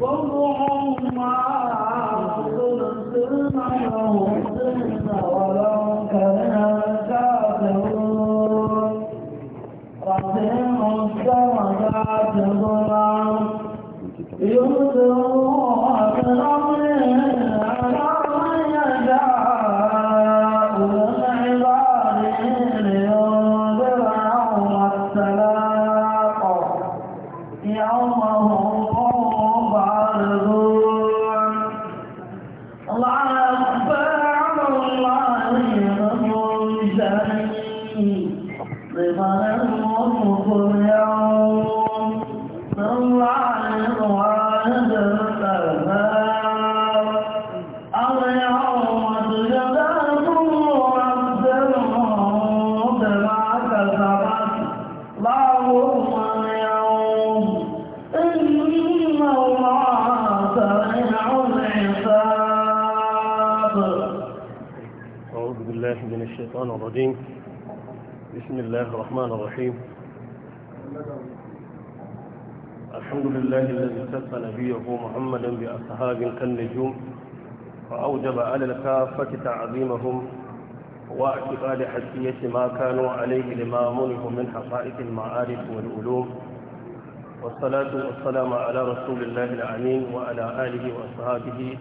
红红马，红红的翅膀在空中翱翔。عني ظلال الوصف اليوم فهو على الغرب بالله من الشيطان الرجيم بسم الله الرحمن الرحيم الحمد لله الذي سف نبيه محمدا بأصحاب كالنجوم فأوجب على الكافة تعظيمهم واعتقاد حسية ما كانوا عليه لما منه من حقائق المعارف والعلوم والصلاة والسلام على رسول الله العمين وعلى آله وأصحابه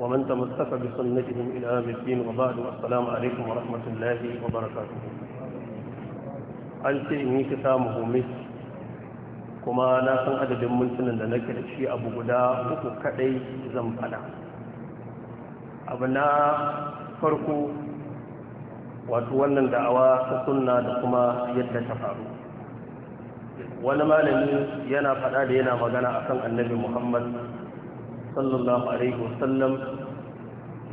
ومن تمسك بسنتهم إلى يوم الدين وبعد والسلام عليكم ورحمة الله وبركاته an ce in yi kisa muhimmi kuma na san adadin mintunan da nake da shi abu guda uku kadai zan fada abu na farko wato wannan da'awa ta sunna da kuma yadda ta faru wani malami yana fada da yana magana akan annabi muhammad صلى الله عليه وسلم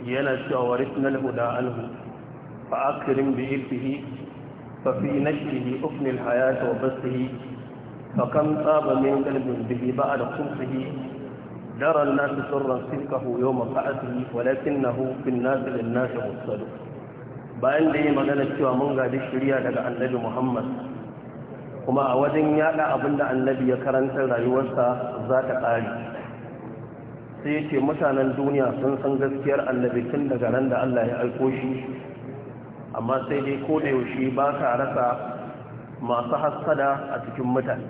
ينشأ ورثنا الهدى عنه فأكرم بإلته ففي نشره أفن الحياة وبسه فكم طاب من قلب به بعد خلقه درى الناس سرا سلكه يوم بعثه ولكنه في الناس للناس مرسل بأن لي yi magana من mun الشريعة shirya daga annabi Muhammad kuma a wajen أبن النبي كرنت annabi ذات قال sai yake mutanen duniya sun san gaskiyar annabi tun daga ran da Allah ya aiko shi amma sai dai ko da yaushe ba ka rasa masu hasada a cikin mutane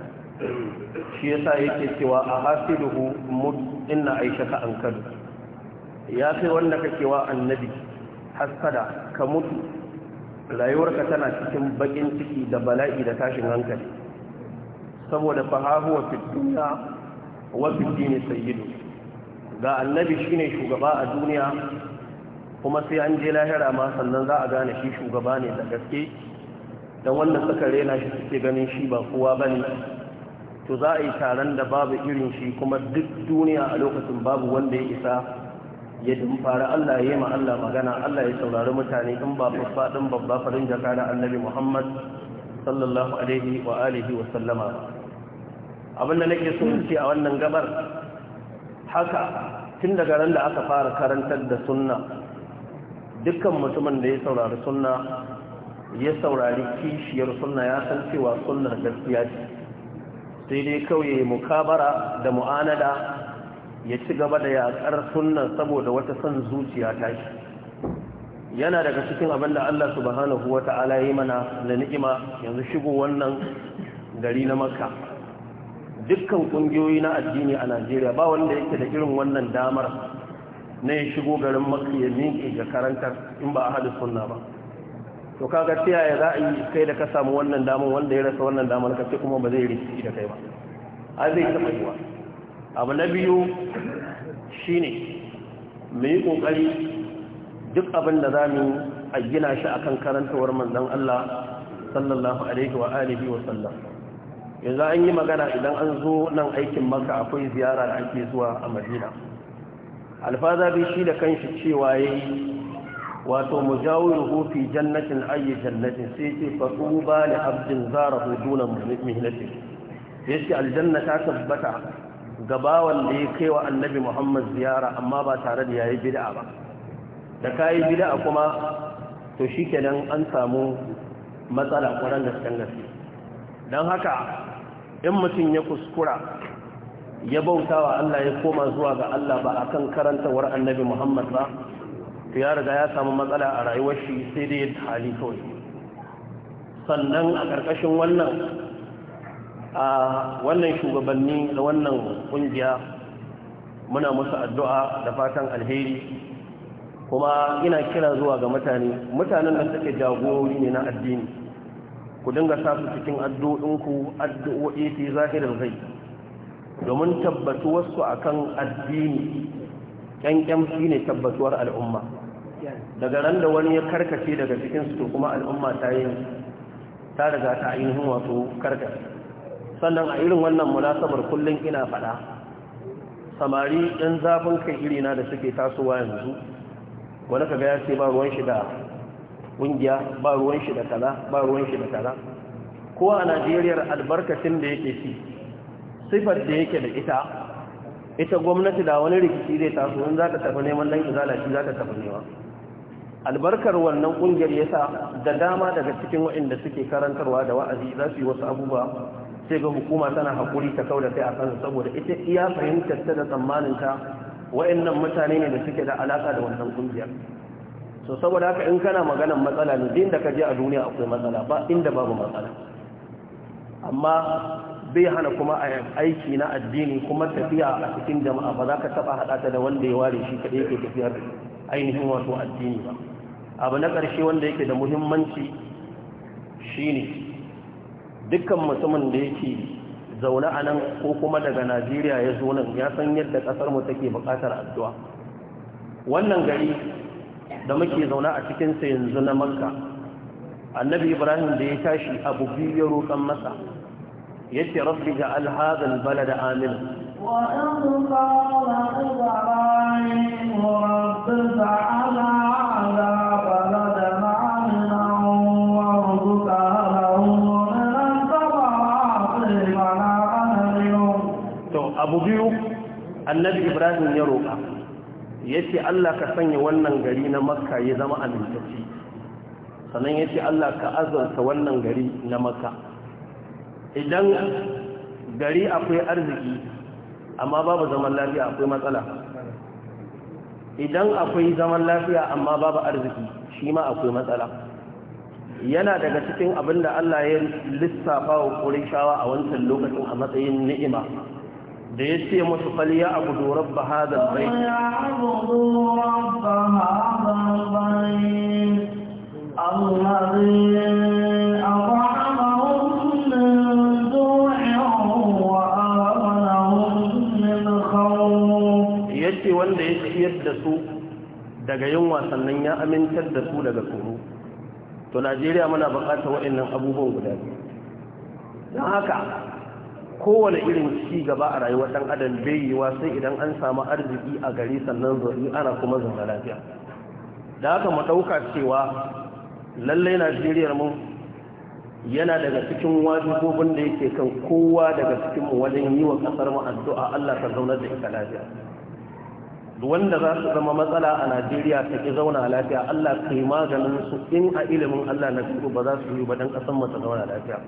shi yasa yake cewa a hasiduhu mut inna aisha ka an ya kai wanda kake wa annabi hasada ka mutu rayuwarka tana cikin bakin ciki da bala'i da tashin hankali saboda fahahu wa fi duniya wa fi dini sayyidu ga annabi shine shugaba a duniya kuma sai an je lahira ma sannan za a gane shi shugaba ne da gaske don wanda suka rena shi suke ganin shi ba kowa ba ne to za a yi taron da babu irin shi kuma duk duniya a lokacin babu wanda ya isa ya dumfara Allah ya yi ma Allah magana Allah ya saurari mutane in ba babba din babba farin jaka da annabi Muhammad sallallahu alaihi wa alihi wa sallama abin da nake so ce a wannan gabar haka tun daga ran da aka fara karantar da sunna dukkan mutumin da ya saurari sunna ya saurari kishiyar sunna ya san cewa sunnar gaskiya ce sai dai kawai mukabara da mu'anada ya ci gaba da yaƙar sunna saboda wata son zuciya ta shi yana daga cikin abin da Allah subhanahu wa ya yi mana da ni'ima yanzu shigo wannan gari na makka dukkan kungiyoyi na addini a Najeriya ba wanda yake da irin wannan damar na ya shigo garin Makka ya miƙe ga karantar in ba ahadu sunna ba to kaga ta yaya za a yi kai da ka samu wannan damar wanda ya rasa wannan damar ka kuma ba zai rikici da kai ba a zai taɓa yiwa abu na biyu shine mu yi ƙoƙari duk abin da za mu a gina shi akan karantawar manzon Allah sallallahu alaihi wa alihi wa sallam yanzu an yi magana idan an zo nan aikin maka akwai ziyara da ake zuwa a madina alfazabi shi da kanshi cewa ya yi wato mu jawo ruhu jannatin ayi jannatin sai ce faɗu ba abdin zara huduna mihinatin ya ce aljanna ta tabbata ga bawan da ya kai wa annabi muhammad ziyara amma ba tare da yayi bid'a ba da yi bid'a kuma to kenan an samu matsala ƙwarar gaskan gaske don haka in mutum ya kuskura ya bauta wa Allah ya koma zuwa ga Allah ba a kan karantawar annabi Muhammad ba to ya riga ya samu matsala a rayuwar shi sai dai hali kawai sannan a ƙarƙashin wannan a wannan shugabanni da wannan ƙungiya muna musu addu'a da fatan alheri kuma ina kira zuwa ga mutane mutanen da suke jagorori ne na addini ku dinga sa su cikin addu'inku addu'o'i fi zahirin zai domin tabbatuwarsu a kan addini ƙyanƙyam shi ne tabbatuwar al'umma daga ran da wani ya karkace daga cikinsu to kuma al'umma ta yi ta riga ta ainihin wato karkace sannan a irin wannan munasabar kullum ina faɗa samari ɗan zafin kai irina da suke tasowa yanzu wani kaga ya ce ba ruwan shi da ƙungiya ba ruwan shi da kaza ba ruwan shi da kaza kowa a najeriyar albarkacin da yake ci sifar da yake da ita ita gwamnati da wani rikici zai taso in za ta tafi neman nan izala shi za tafi nema albarkar wannan ƙungiyar ya sa da dama daga cikin waɗanda suke karantarwa da wa'azi za su yi wasu abubuwa sai ga hukuma tana haƙuri ta kau da a kansu saboda ita iya fahimtar ta da tsammanin ta wa'annan mutane ne da suke da alaƙa da wannan kungiyar. to saboda haka in kana maganan matsala ne din da ka je a duniya akwai matsala ba inda babu matsala amma bai hana kuma aiki na addini kuma tafiya a cikin jama'a ba za ka taba hada ta da wanda ya ware shi kadai yake tafiyar ainihin wato addini ba abu na ƙarshe wanda yake da muhimmanci shine dukkan mutumin da yake zaune a nan ko kuma daga najeriya ya zo nan ya san yadda ƙasarmu take buƙatar addu'a wannan gari da muke zauna a cikinsa yanzu na makka annabi ibrahim da ya tashi abu biyu ya roƙon masa ya ce rabbi ga alhazan bala da amin abu biyu annabi ibrahim ya roƙa ya ce Allah ka sanya wannan gari na makka ya zama amintacci sannan ya ce Allah ka azarta wannan gari na makka idan gari akwai arziki amma babu zaman lafiya akwai matsala idan akwai zaman lafiya amma babu arziki shi ma akwai matsala yana daga cikin abinda da Allah ya lissafa wa kurishawa a wancan lokacin a matsayin ni'ima da ya ce masu fali a abu rabba bai wanda ya ciyar da su daga yunwa sannan ya amintar da su daga tsoro to Najeriya muna bukatar waɗannan abubuwan guda biyu don haka kowane irin ci gaba a rayuwar ɗan adam bai yiwa sai idan an samu arziki a gari sannan zuri ana kuma zama lafiya da haka mu cewa lallai Najeriya mu yana daga cikin wajibobin da yake kan kowa daga cikin mu wajen yi wa kasar mu addu'a Allah ta zauna da ita lafiya wanda za su zama matsala a Najeriya ta ki zauna lafiya Allah kai maganin su in a ilimin Allah na ba za su yi ba dan kasar mu ta zauna lafiya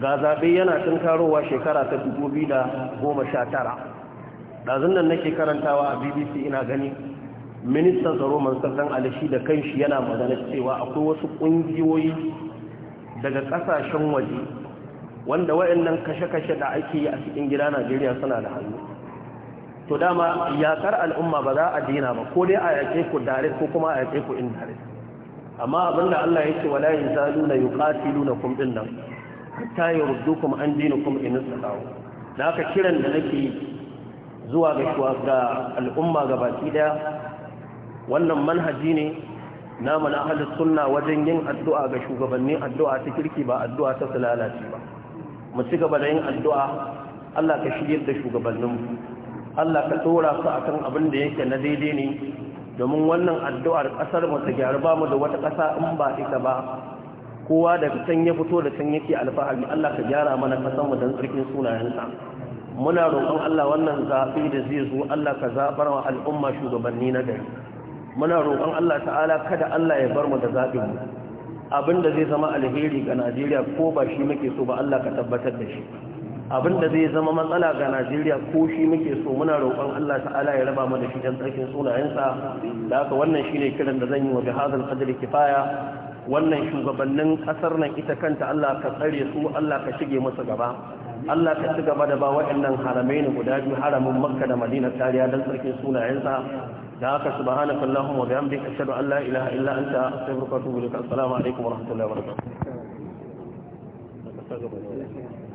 ga zaɓe yana tunkarowa shekara ta goma 2019 ɗazun nan nake karantawa a bbc ina gani ministan tsaro mansar alishi da kanshi yana magana cewa akwai wasu ƙungiyoyi daga ƙasashen waje wanda waɗannan kashe-kashe da ake yi a cikin gida najeriya suna da hannu to dama yakar al'umma ba za a dina ba ko dai a yaƙe ku direct ko kuma a yaƙe ku indirect amma abinda Allah ya ce wala yazaluna yuqatiluna kum nan. hatta kuma an kuma in istataw da haka kiran da nake zuwa ga ga al'umma ga baki daya wannan manhaji ne na mana ahlus sunna wajen yin addu'a ga shugabanni addu'a ta kirki ba addu'a ta sulalaci ba mu ci gaba da yin addu'a Allah ka shiryar da shugabanninmu Allah ka tsora su akan abin da yake na daidai ne domin wannan addu'ar ƙasar mu ta gyaru ba mu da wata ƙasa in ba ita ba kowa daga can ya fito da can yake alfahari Allah ka gyara mana kasan mu dan tsarkin sunayensa muna roƙon Allah wannan zaɓi da zai zo Allah ka zaɓar wa al'umma shugabanni na gari muna roƙon Allah ta'ala kada Allah ya bar mu da zaɓin mu abinda zai zama alheri ga Najeriya ko ba shi muke so ba Allah ka tabbatar da shi abinda zai zama matsala ga Najeriya ko shi muke so muna roƙon Allah ta'ala ya raba mu da shi dan tsarkin sunayensa da haka wannan shine kiran da zan yi wa bihadhal qadri kifaya wannan shugabannin ƙasar nan ita kanta Allah ka tsare su Allah ka shige masa gaba Allah ka ci gaba da ba waɗannan haramai ne guda biyu haramin Makka da Madina kariya don sarkin sunayensa da haka subhanaka allahumma wa bihamdika ashhadu an la ilaha illa anta astaghfiruka wa atubu ilaik assalamu alaikum wa rahmatullahi wa barakatuh